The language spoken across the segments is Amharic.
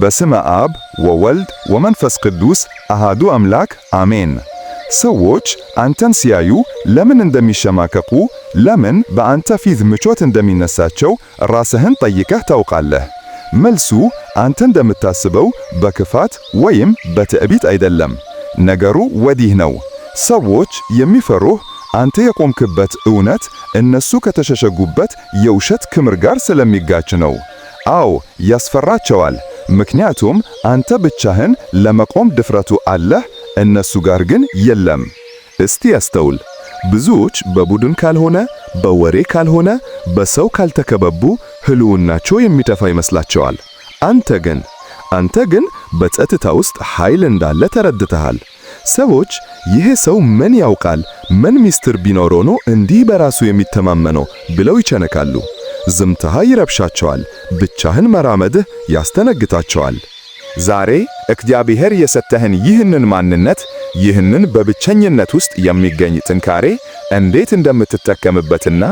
በስመ አብ ወወልድ ወመንፈስ ቅዱስ አሃዱ አምላክ አሜን። ሰዎች አንተን ሲያዩ ለምን እንደሚሸማቀቁ፣ ለምን በአንተ ፊት ምቾት እንደሚነሳቸው ራስህን ጠይቀህ ታውቃለህ? መልሱ አንተ እንደምታስበው በክፋት ወይም በትዕቢት አይደለም። ነገሩ ወዲህ ነው። ሰዎች የሚፈሩህ አንተ የቆምክበት እውነት እነሱ ከተሸሸጉበት የውሸት ክምር ጋር ስለሚጋጭ ነው። አዎ ያስፈራቸዋል። ምክንያቱም አንተ ብቻህን ለመቆም ድፍረቱ አለህ፣ እነሱ ጋር ግን የለም። እስቲ ያስተውል። ብዙዎች በቡድን ካልሆነ፣ በወሬ ካልሆነ፣ በሰው ካልተከበቡ ህልውናቸው የሚጠፋ ይመስላቸዋል። አንተ ግን አንተ ግን በጸጥታ ውስጥ ኃይል እንዳለ ተረድተሃል። ሰዎች ይሄ ሰው ምን ያውቃል? ምን ሚስጥር ቢኖረው ነው እንዲህ በራሱ የሚተማመነው ብለው ይቸነካሉ። ዝምታህ ይረብሻቸዋል። ብቻህን መራመድህ ያስተነግታቸዋል። ዛሬ እግዚአብሔር የሰጠህን ይህንን ማንነት፣ ይህንን በብቸኝነት ውስጥ የሚገኝ ጥንካሬ እንዴት እንደምትጠቀምበትና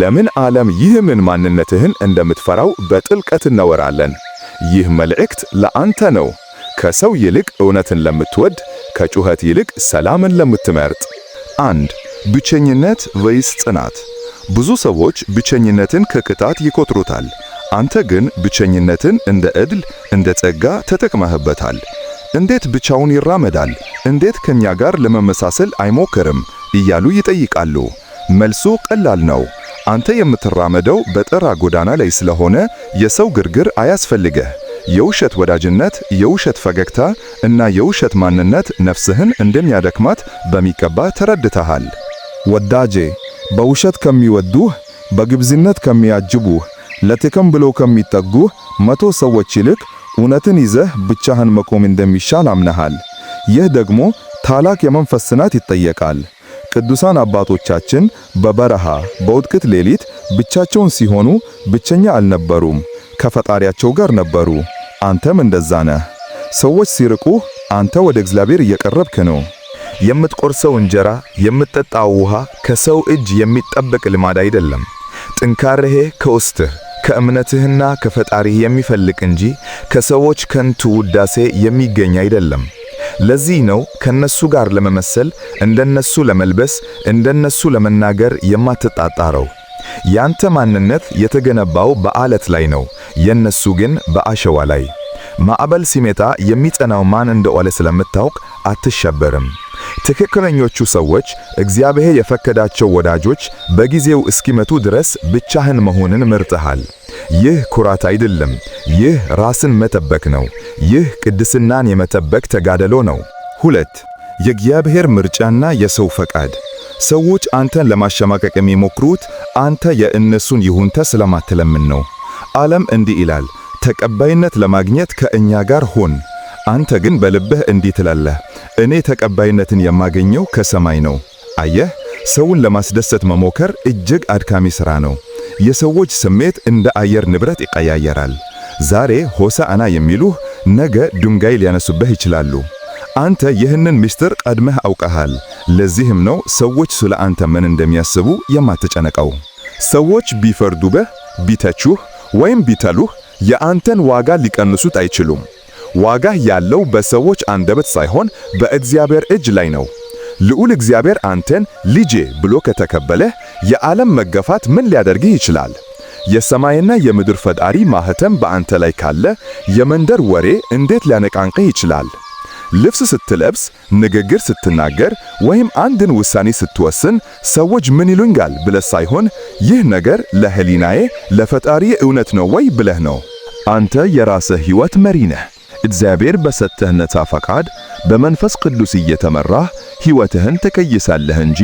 ለምን ዓለም ይህምን ማንነትህን እንደምትፈራው በጥልቀት እናወራለን። ይህ መልእክት ለአንተ ነው፣ ከሰው ይልቅ እውነትን ለምትወድ፣ ከጩኸት ይልቅ ሰላምን ለምትመርጥ። አንድ ብቸኝነት ወይስ ጽናት? ብዙ ሰዎች ብቸኝነትን ከቅጣት ይቆጥሩታል። አንተ ግን ብቸኝነትን እንደ ዕድል እንደ ጸጋ ተጠቅመህበታል። እንዴት ብቻውን ይራመዳል? እንዴት ከኛ ጋር ለመመሳሰል አይሞክርም? እያሉ ይጠይቃሉ። መልሱ ቀላል ነው። አንተ የምትራመደው በጠራ ጎዳና ላይ ስለሆነ የሰው ግርግር አያስፈልገህ! የውሸት ወዳጅነት፣ የውሸት ፈገግታ እና የውሸት ማንነት ነፍስህን እንደሚያደክማት በሚገባ ተረድተሃል። ወዳጄ፣ በውሸት ከሚወዱህ፣ በግብዝነት ከሚያጅቡህ ለጥቅም ብለው ከሚጠጉህ መቶ ሰዎች ይልቅ እውነትን ይዘህ ብቻህን መቆም እንደሚሻል አምነሃል። ይህ ደግሞ ታላቅ የመንፈስ ጽናት ይጠየቃል። ቅዱሳን አባቶቻችን በበረሃ በውጥቅት ሌሊት ብቻቸውን ሲሆኑ ብቸኛ አልነበሩም፣ ከፈጣሪያቸው ጋር ነበሩ። አንተም እንደዛ ነህ። ሰዎች ሲርቁህ፣ አንተ ወደ እግዚአብሔር እየቀረብክ ነው። የምትቆርሰው እንጀራ፣ የምትጠጣው ውሃ ከሰው እጅ የሚጠበቅ ልማድ አይደለም። ጥንካሬህ ከውስጥህ ከእምነትህና ከፈጣሪህ የሚፈልቅ እንጂ ከሰዎች ከንቱ ውዳሴ የሚገኝ አይደለም። ለዚህ ነው ከነሱ ጋር ለመመሰል፣ እንደነሱ ለመልበስ፣ እንደነሱ ለመናገር የማትጣጣረው። ያንተ ማንነት የተገነባው በአለት ላይ ነው፣ የነሱ ግን በአሸዋ ላይ። ማዕበል ሲመታ የሚጸናው ማን እንደዋለ ስለምታውቅ አትሸበርም። ትክክለኞቹ ሰዎች እግዚአብሔር የፈቀዳቸው ወዳጆች በጊዜው እስኪመቱ ድረስ ብቻህን መሆንን መርጠሃል። ይህ ኩራት አይደለም። ይህ ራስን መጠበቅ ነው። ይህ ቅድስናን የመጠበቅ ተጋደሎ ነው። ሁለት የእግዚአብሔር ምርጫና የሰው ፈቃድ። ሰዎች አንተን ለማሸማቀቅ የሚሞክሩት አንተ የእነሱን ይሁንተ ስለማትለምን ነው። ዓለም እንዲህ ይላል፣ ተቀባይነት ለማግኘት ከእኛ ጋር ሆን። አንተ ግን በልብህ እንዲህ ትላለህ፣ እኔ ተቀባይነትን የማገኘው ከሰማይ ነው። አየህ፣ ሰውን ለማስደሰት መሞከር እጅግ አድካሚ ሥራ ነው። የሰዎች ስሜት እንደ አየር ንብረት ይቀያየራል። ዛሬ ሆሳዕና የሚሉህ ነገ ድንጋይ ሊያነሱብህ ይችላሉ። አንተ ይህንን ምስጢር ቀድመህ አውቀሃል። ለዚህም ነው ሰዎች ስለ አንተ ምን እንደሚያስቡ የማትጨነቀው። ሰዎች ቢፈርዱብህ፣ ቢተቹህ ወይም ቢተሉህ የአንተን ዋጋ ሊቀንሱት አይችሉም። ዋጋህ ያለው በሰዎች አንደበት ሳይሆን በእግዚአብሔር እጅ ላይ ነው። ልዑል እግዚአብሔር አንተን ልጄ ብሎ ከተቀበለህ የዓለም መገፋት ምን ሊያደርግህ ይችላል? የሰማይና የምድር ፈጣሪ ማህተም በአንተ ላይ ካለ የመንደር ወሬ እንዴት ሊያነቃንቅህ ይችላል? ልብስ ስትለብስ፣ ንግግር ስትናገር፣ ወይም አንድን ውሳኔ ስትወስን ሰዎች ምን ይሉኛል ብለህ ሳይሆን ይህ ነገር ለህሊናዬ ለፈጣሪ እውነት ነው ወይ ብለህ ነው። አንተ የራስህ ሕይወት መሪ ነህ። እግዚአብሔር በሰጠህ ነፃ ፈቃድ በመንፈስ ቅዱስ እየተመራህ ሕይወትህን ትቀይሳለህ እንጂ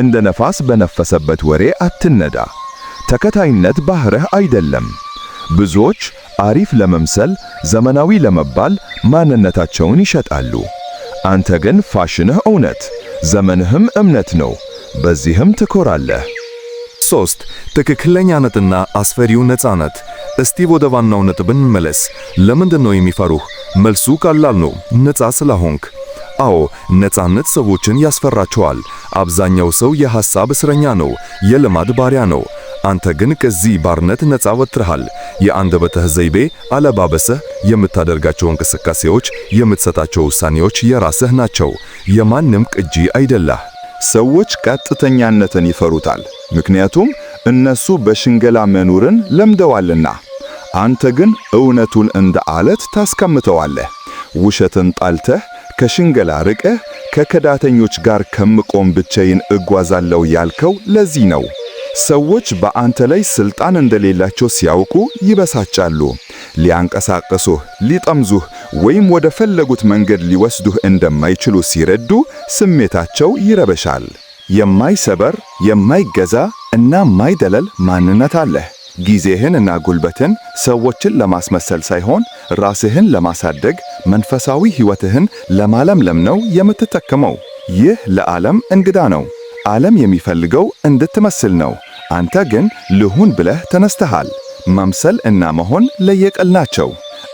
እንደ ነፋስ በነፈሰበት ወሬ አትነዳ። ተከታይነት ባህርህ አይደለም። ብዙዎች አሪፍ ለመምሰል ዘመናዊ ለመባል ማንነታቸውን ይሸጣሉ። አንተ ግን ፋሽንህ እውነት፣ ዘመንህም እምነት ነው። በዚህም ትኮራለህ። ሶስት ትክክለኛነትና አስፈሪው ነፃነት። እስቲ ወደ ዋናው ነጥብ እንመለስ። ለምንድን ነው የሚፈሩህ? መልሱ ቀላል ነው፣ ነፃ ስለሆንክ። አዎ ነፃነት ሰዎችን ያስፈራቸዋል። አብዛኛው ሰው የሐሳብ እስረኛ ነው፣ የልማድ ባሪያ ነው። አንተ ግን ከዚህ ባርነት ነፃ ወጥተሃል። የአንደበትህ ዘይቤ፣ አለባበስህ፣ የምታደርጋቸው እንቅስቃሴዎች፣ የምትሰጣቸው ውሳኔዎች የራስህ ናቸው። የማንም ቅጂ አይደላህ ሰዎች ቀጥተኛነትን ይፈሩታል፣ ምክንያቱም እነሱ በሽንገላ መኖርን ለምደዋልና። አንተ ግን እውነቱን እንደ አለት ታስቀምጠዋለህ። ውሸትን ጣልተህ ከሽንገላ ርቀህ ከከዳተኞች ጋር ከምቆም ብቻዬን እጓዛለሁ ያልከው ለዚህ ነው። ሰዎች በአንተ ላይ ስልጣን እንደሌላቸው ሲያውቁ ይበሳጫሉ። ሊያንቀሳቅሱህ፣ ሊጠምዙህ ወይም ወደ ፈለጉት መንገድ ሊወስዱህ እንደማይችሉ ሲረዱ ስሜታቸው ይረበሻል። የማይሰበር የማይገዛ እና ማይደለል ማንነት አለህ። ጊዜህን እና ጉልበትን ሰዎችን ለማስመሰል ሳይሆን ራስህን ለማሳደግ መንፈሳዊ ሕይወትህን ለማለምለም ነው የምትጠቀመው። ይህ ለዓለም እንግዳ ነው። ዓለም የሚፈልገው እንድትመስል ነው። አንተ ግን ልሁን ብለህ ተነስተሃል። መምሰል እና መሆን ለየቅል ናቸው።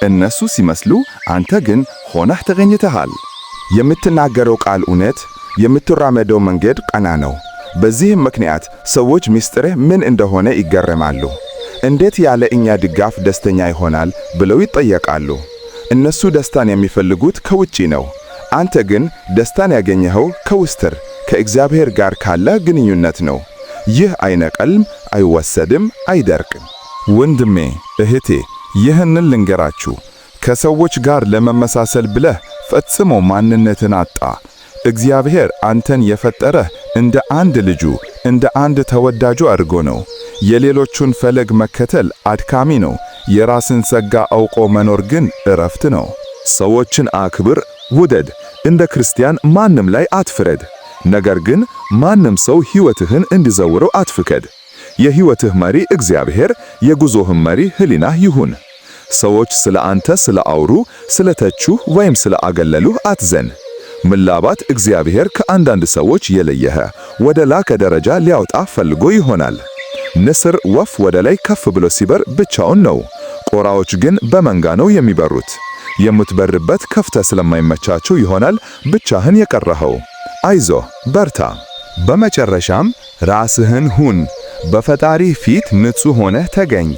እነሱ ሲመስሉ፣ አንተ ግን ሆነህ ተገኝተሃል። የምትናገረው ቃል እውነት፣ የምትራመደው መንገድ ቀና ነው። በዚህም ምክንያት ሰዎች ምስጢርህ ምን እንደሆነ ይገረማሉ። እንዴት ያለ እኛ ድጋፍ ደስተኛ ይሆናል ብለው ይጠየቃሉ። እነሱ ደስታን የሚፈልጉት ከውጪ ነው። አንተ ግን ደስታን ያገኘኸው ከውስጥር ከእግዚአብሔር ጋር ካለ ግንኙነት ነው። ይህ አይነቀልም፣ አይወሰድም፣ አይደርቅም። ወንድሜ እህቴ፣ ይህንን ልንገራችሁ፣ ከሰዎች ጋር ለመመሳሰል ብለህ ፈጽሞ ማንነትን አጣ። እግዚአብሔር አንተን የፈጠረህ እንደ አንድ ልጁ እንደ አንድ ተወዳጁ አድርጎ ነው። የሌሎቹን ፈለግ መከተል አድካሚ ነው። የራስን ጸጋ አውቆ መኖር ግን እረፍት ነው። ሰዎችን አክብር፣ ውደድ። እንደ ክርስቲያን ማንም ላይ አትፍረድ። ነገር ግን ማንም ሰው ሕይወትህን እንዲዘውረው አትፍቀድ። የሕይወትህ መሪ እግዚአብሔር፣ የጉዞህም መሪ ህሊና ይሁን። ሰዎች ስለ አንተ ስለ አውሩ፣ ስለ ተቹህ ወይም ስለ አገለሉህ አትዘን። ምላባት እግዚአብሔር ከአንዳንድ ሰዎች የለየህ ወደ ላቀ ደረጃ ሊያወጣ ፈልጎ ይሆናል። ንስር ወፍ ወደ ላይ ከፍ ብሎ ሲበር ብቻውን ነው። ቆራዎች ግን በመንጋ ነው የሚበሩት። የምትበርበት ከፍተ ስለማይመቻቸው ይሆናል ብቻህን የቀረኸው። አይዞ በርታ። በመጨረሻም ራስህን ሁን፣ በፈጣሪ ፊት ንጹሕ ሆነህ ተገኝ።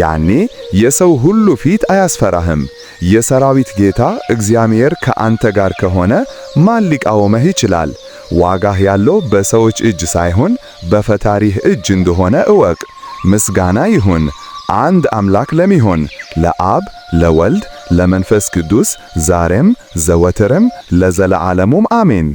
ያኔ የሰው ሁሉ ፊት አያስፈራህም። የሰራዊት ጌታ እግዚአብሔር ከአንተ ጋር ከሆነ ማን ሊቃወመህ ይችላል? ዋጋህ ያለው በሰዎች እጅ ሳይሆን በፈጣሪህ እጅ እንደሆነ እወቅ። ምስጋና ይሁን አንድ አምላክ ለሚሆን ለአብ ለወልድ ለመንፈስ ቅዱስ ዛሬም ዘወትርም ለዘለዓለሙም አሜን።